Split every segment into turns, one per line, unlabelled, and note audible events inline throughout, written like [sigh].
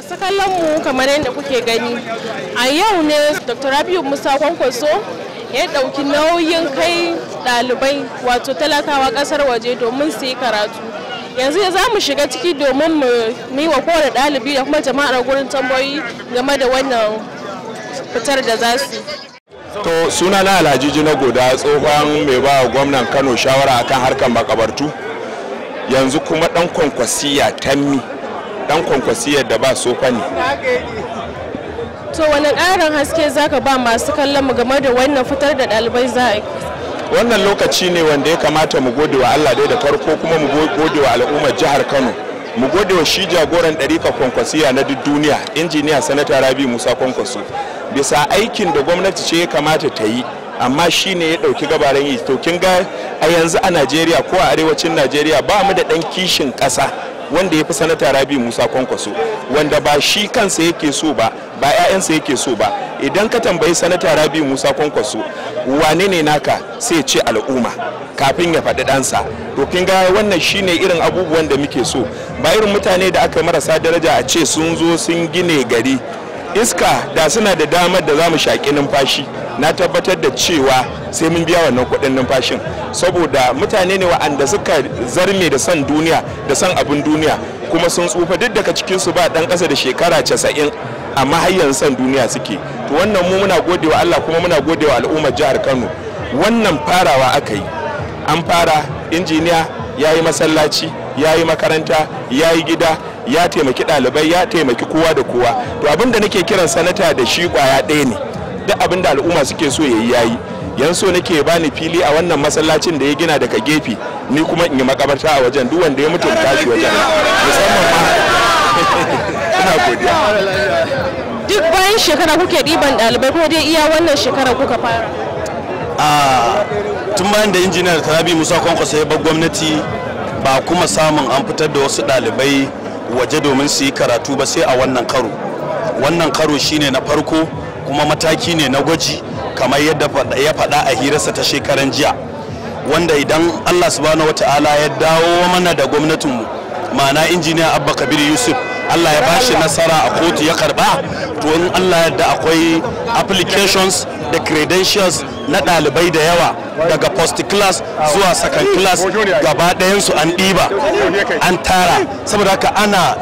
masu kallon mu kamar yadda kuke gani a yau ne dr rabiu musa kwankwaso ya dauki nauyin kai dalibai wato talakawa kasar waje domin su yi karatu yanzu za mu shiga ciki domin mu yi wa kowane dalibi da kuma jama'ar gurin tambayoyi game da wannan fitar da za su
to suna na alhaji na guda tsohon mai ba gwamnan kano shawara akan harkar makabartu yanzu kuma ɗan kwankwasiya tammi dan kwankwasiyar da ba so fani
to wani ƙarin haske zaka ba masu kallon mu game da wannan fitar da ɗalibai za a yi
wannan lokaci ne wanda ya kamata mu gode wa Allah dai da farko kuma mu gode wa al'ummar jihar Kano mu gode wa shi jagoran ɗarika kwankwasiya na duk duniya injiniya sanata rabi musa kwankwaso bisa aikin da gwamnati ce ya kamata ta yi amma shi ne ya ɗauki gabaran yi to kin ga a yanzu a najeriya ko a arewacin najeriya ba mu da ɗan kishin ƙasa wanda ya fi sanata rabi musa kwankwaso wanda ba shi kansa yake so ba ba 'ya'yansa yake so ba idan ka tambayi sanata rabi musa kwankwaso wane ne naka sai ce al'umma kafin ya faɗi ɗansa to kin ga wannan shine irin abubuwan da muke so ba irin mutane da aka marasa daraja a ce sun zo sun gine gari iska da suna da damar da za mu shaƙi numfashi na tabbatar da cewa sai mun biya wannan kuɗin numfashin saboda mutane ne wa'anda suka zarme da son duniya da son abin duniya kuma sun tsufa duk daga cikinsu ba ɗan ƙasa da shekara casa'in amma har yanzu son duniya suke to wannan mu muna gode wa Allah kuma muna gode wa al'ummar jihar Kano wannan farawa aka yi an fara injiniya ya yi masallaci ya yi makaranta ya yi gida ya taimaki ɗalibai ya taimaki kowa da kowa to abin da nake kiran sanata da shi kwaya ɗaya ne duk abin da al'umma suke so yayi yayi yan so nake bani fili a wannan masallacin da ya gina daga gefe ni kuma in yi makabarta a wajen duk wanda ya mutu tashi wajen musamman ma [laughs] godiya
duk bayan shekara kuke ɗiban ɗalibai ko dai iya wannan shekara kuka fara
a tun bayan da injiniyar tarabi musa kwankwaso ya bar gwamnati ba kuma samun an fitar da wasu ɗalibai waje domin su yi karatu ba sai a wannan karo wannan karo shine na farko kuma mataki ne na gwaji kamar yadda ya faɗa a hirarsa ta shekaran jiya wanda idan allah subhanahu wata'ala ya dawo mana da gwamnatinmu ma'ana injiniya abba kabir yusuf Allah ya bashi nasara a kotu ya karba to in Allah yadda akwai applications da credentials na ɗalibai da yawa daga post class zuwa second class gaba ɗayansu an ɗiba an tara saboda haka ana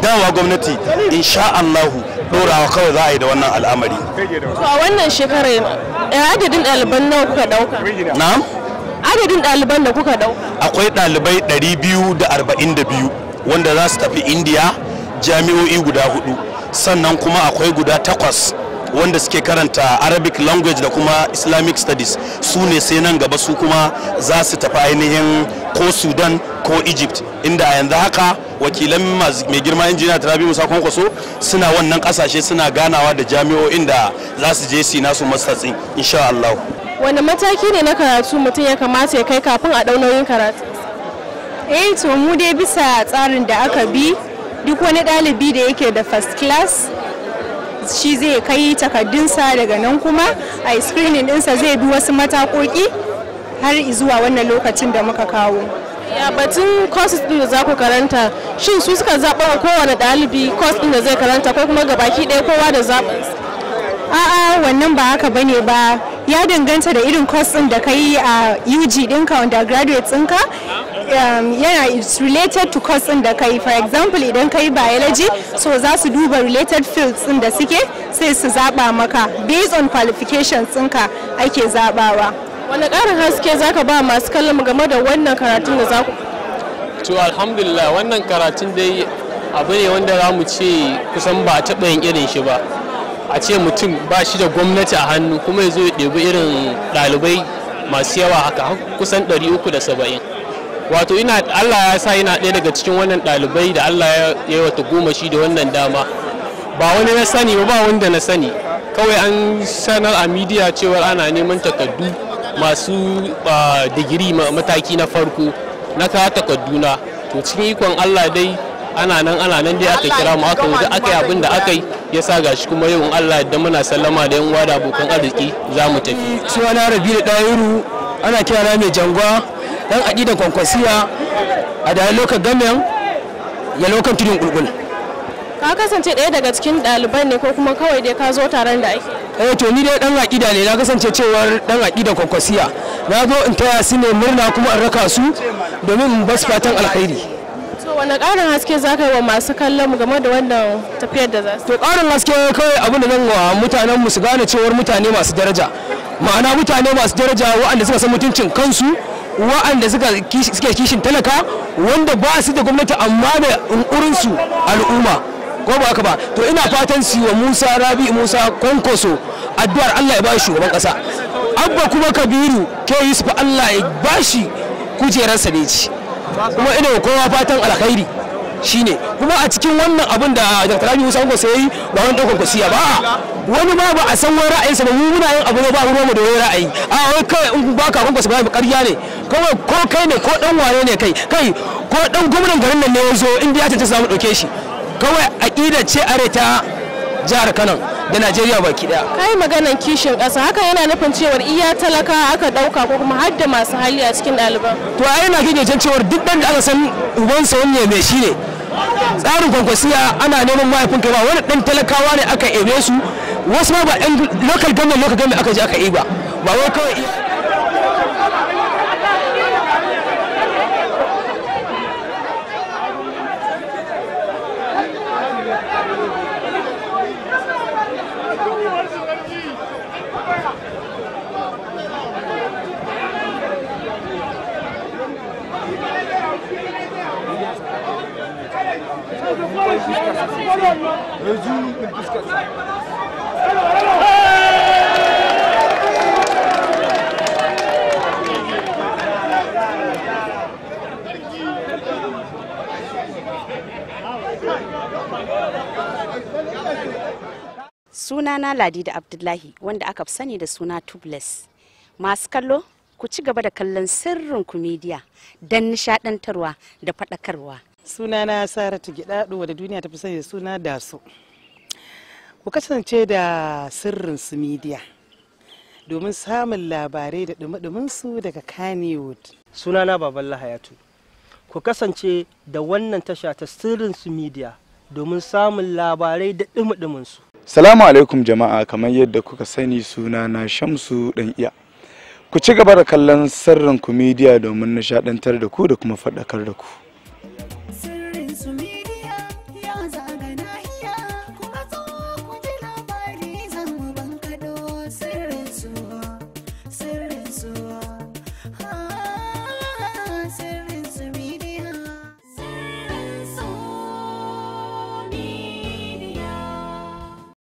dawa gwamnati insha Allahu ɗorawa kawai za a yi da wannan al'amari.
a wannan shekarar eh, adadin ɗaliban nawa kuka ɗauka? na'am adadin ɗaliban da kuka ɗauka?
akwai ɗalibai 242 wanda za su tafi indiya jami'o'i guda hudu sannan kuma akwai guda takwas wanda suke karanta arabic language da kuma islamic studies su ne sai nan gaba su kuma za su tafi ainihin ko sudan ko egypt inda a yanzu haka wakilan mai girma injiniya tarabi musa kwankwaso suna wannan kasashe suna ganawa da jami'o'in da za su je su nasu mastatsin insha allah
wani mataki ne na karatu mutum ya kamata ya kai kafin a ɗau nauyin karatu eh to mu dai bisa tsarin da aka bi duk wani ɗalibi da yake da first class shi zai kai takardunsa daga nan kuma a screening ɗinsa zai bi wasu matakoki har zuwa wannan lokacin da muka kawo ya batun courses din da za ku karanta shin su suka zaɓa wa kowane ɗalibi course din da zai karanta ko kuma gabaki ɗaya kowa da zaɓin a'a wannan ba haka bane ba ya danganta da irin course din da ka yi a UG ɗinka undergraduate ɗinka Um, yana it's related to course din da kai for example idan kai biology so za su duba related fields din da suke sai su zaba maka based on qualifications ɗinka ake zabawa wani ƙarin haske zaka ba masu kallon game da wannan karatun
da za ku to alhamdulillah wannan karatun dai abu ne wanda za mu ce kusan ba a taɓa yin irin shi ba a ce mutum ba shi da gwamnati a hannu kuma ya zo ya ɗebi irin ɗalibai masu yawa haka kusan 370 wato ina Allah ya sa ina ɗaya daga cikin wannan ɗalibai da Allah ya yi wata goma shi da wannan dama ba wani na sani ba wanda na sani kawai an sanar a midiya cewar ana neman takardu masu digiri mataki na farko na kawo takarduna to cikin ikon Allah dai ana nan ana nan dai aka kira mu aka wuce aka yi abin da aka yi ya sa gashi kuma yau in Allah da muna sallama da yan uwa da abokan arziki za mu tafi.
Suna Rabi da Ɗayuru ana kira mai jangwa dan aƙidan kwankwasiya a da lokacin gamen ya lokacin tudun gulgul
ka kasance ɗaya daga cikin ɗaliban ne ko kuma kawai dai ka zo taron da ake eh to ni dai dan aƙida ne na
kasance cewar dan aƙidan kwankwasiya na zo in taya su ne murna kuma in raka su domin in basu fatan alkhairi
to wani ƙarin haske za ka yi wa masu kallon mu game da wannan tafiyar da za su
to ƙarin haske kawai abin da zan wa mutanen mu su gane cewar mutane masu daraja ma'ana mutane masu daraja waɗanda suka san mutuncin kansu wa'anda suke kishin talaka wanda ba su da gwamnati amma da su al'umma ko ba haka ba to ina fatan su wa musa rabi musa kwankwaso addu'ar allah ya bashi shugaban ƙasa abba kuma kabiru ke yusuf allah ya bashi kujerarsa ne ci kuma ina kowa fatan alkhairi shine kuma a cikin wannan abin da Dr. Rabi Musa Kwankwaso yayi ba wani ɗaukar kwasiya ba wani babu a san wani ra'ayinsa ba mu yin abu ne ba ruwa da wani ra'ayi a wai kai in ba ka Kwankwaso ba ƙarya ne kawai ko kai ne ko dan wane ne kai kai ko dan gwamnan garin nan ne ya zo inda ya tantance za mu ɗauke shi kawai aƙidar ce are ta jihar Kano da Najeriya baki daya.
Kai maganan kishin ƙasa haka yana nufin cewar iya talaka aka ɗauka ko kuma hadda masu hali a cikin ɗaliban. To ai ina ganin
cewar duk ɗan da aka san ubansa wani mai shi ne tsarin kwankwasiya ana neman mahaifin kai ba wani dan talakawa ne aka ebe su wasu ma ba yan lokal government lokal government aka je aka yi ba ba wai kawai
sunana da abdullahi wanda aka fi sani da suna tubeless masu kallo ku ci gaba da kallon sirrin kumediya don nishadantarwa da faɗakarwa sunana saratu gidado da duniya ta fi sani da suna daso ku kasance da sirrin su media domin samun labarai da dumi su daga Kannywood. Sunana Baban Lahayatu. Ku kasance da wannan tasha ta sirrin su media domin samun labarai da dumi su.
Salamu alaikum jama'a kamar yadda kuka sani sunana Shamsu dan iya. Ku ci gaba da kallon sirrin ku media domin nishadantar da ku da kuma faɗakar da ku.